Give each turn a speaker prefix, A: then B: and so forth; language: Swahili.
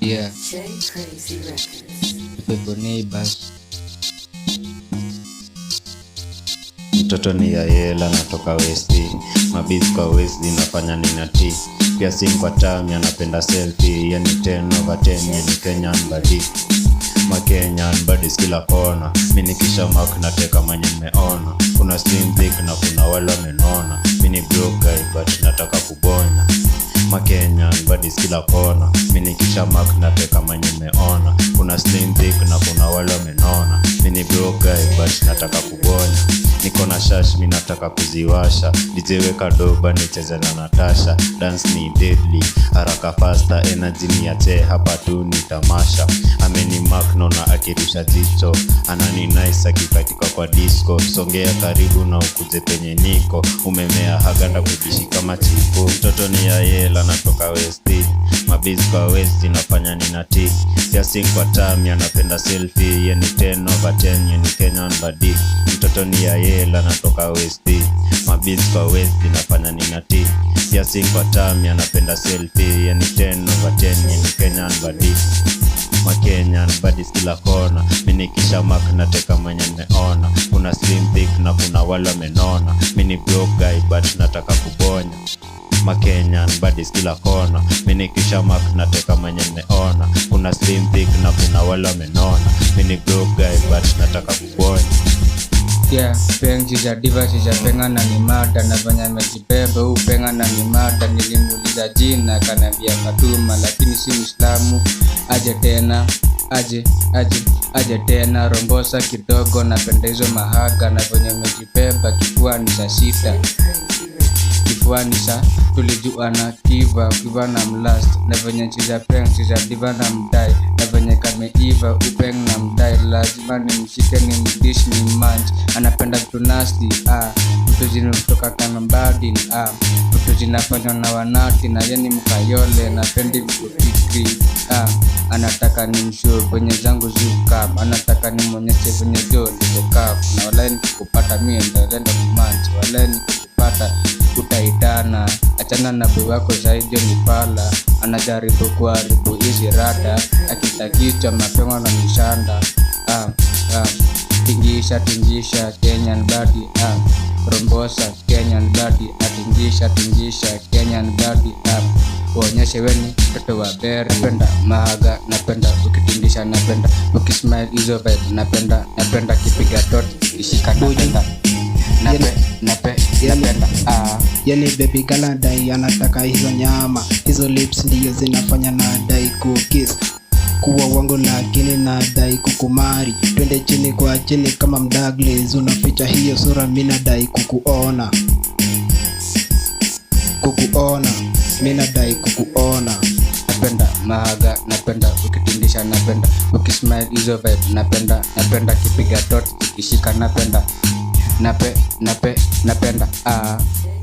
A: Yeah. Pepo Neighbors. Mtoto ni ya hela natoka westi mabizi kwa westi nafanya nina ti pia sing kwa tami anapenda selfie yani ten over 10 yani Kenyan ma Kenyan badis kila kona mi nikisha na teka mwenye mmeona kuna slim thick na kuna wale wamenona mi ni broke guy but nataka kubonya Makenya badis kila kona, mini kisha mark nape kama nimeona, kuna slim na kuna wale wamenona, mini broke guy nataka kubona niko na shash mi nataka kuziwasha dijeweka doba nicheze na natasha dance ni deadly haraka fasta energy ni yache hapa tu ni tamasha ameni na akirusha jicho anani nice akikatika kwa disco songea karibu na ukuje penye niko umemea haganda kujishika machifu mtoto ni yayela natoka westi mabizi kwa wezi west inafanya ninati siasi kwa tam yanapenda selfi yeni ten over 10 yeni kenyan badi mtoto ni yayel anatoka west mabizi kwa wezi west inafanya ninati siasi kwa tam yanapenda selfi yeni ten over 10 yeni kenyan badi Makenya badis kila kona, mini kisha mak nateka mwenye nimeona. Kuna slim thick na kuna wala menona mini broke guy but nataka kubonya Makenyan badis kila kona, minikisha mak nateka mwenye meona kuna slim thick na kuna wala menona mini broke guy but nataka kukuona
B: Yeah, penzi za diva zizapenga na ni mata na vanya mejibebe upenga na ni mada nilimuuliza jina kanambia Fatuma lakini si Muislamu aje tena aje aje aje tena rombosa kidogo na hizo mahaga na venye mejibeba kifua ni za sita tulikuanisha tulijuana kiva kiva na mlast na venye chiza peng chiza diva na mdai na venye kameiva upeng na mdai lazima ni mshike ni mdish ni manch anapenda vitu nasti ah vitu zinatoka kama badin ah vitu zinafanywa na wanati na yeni mkayole napendi vitu fikri ah anataka ni mshue kwenye zangu zukap anataka ni mwonyeshe venye jo nilokap na walai nikikupata mie ndaenda kumanchi walai nikikupata kutaitana achana na boi wako zaidi ni pala anajaribu kuharibu hizi rada akitakichwa mapengo na mishanda ah, ah. tingisha tingisha kenyan badi ah. rombosa kenyan badi atingisha ah. tingisha kenyan badi ah. uonyeshe weni mtoto wa beri napenda mahaga napenda ukitingisha napenda ukismile hizo vibe napenda napenda kipiga tot ishika napenda Uji. Yani ah. baby anataka hizo nyama, hizo lips ndiyo zinafanya na dai kukis kuwa wangu lakini nadai kukumari, twende chini kwa chini kama mdaglis, unaficha hiyo sura, minadai kukuona, kukuona, mina nadai kukuona. Napenda mahaga, napenda ukitindisha, napenda ukismile, hizo vibe napenda, napenda kipiga dot, ikishika napenda nape, nape, napenda ah.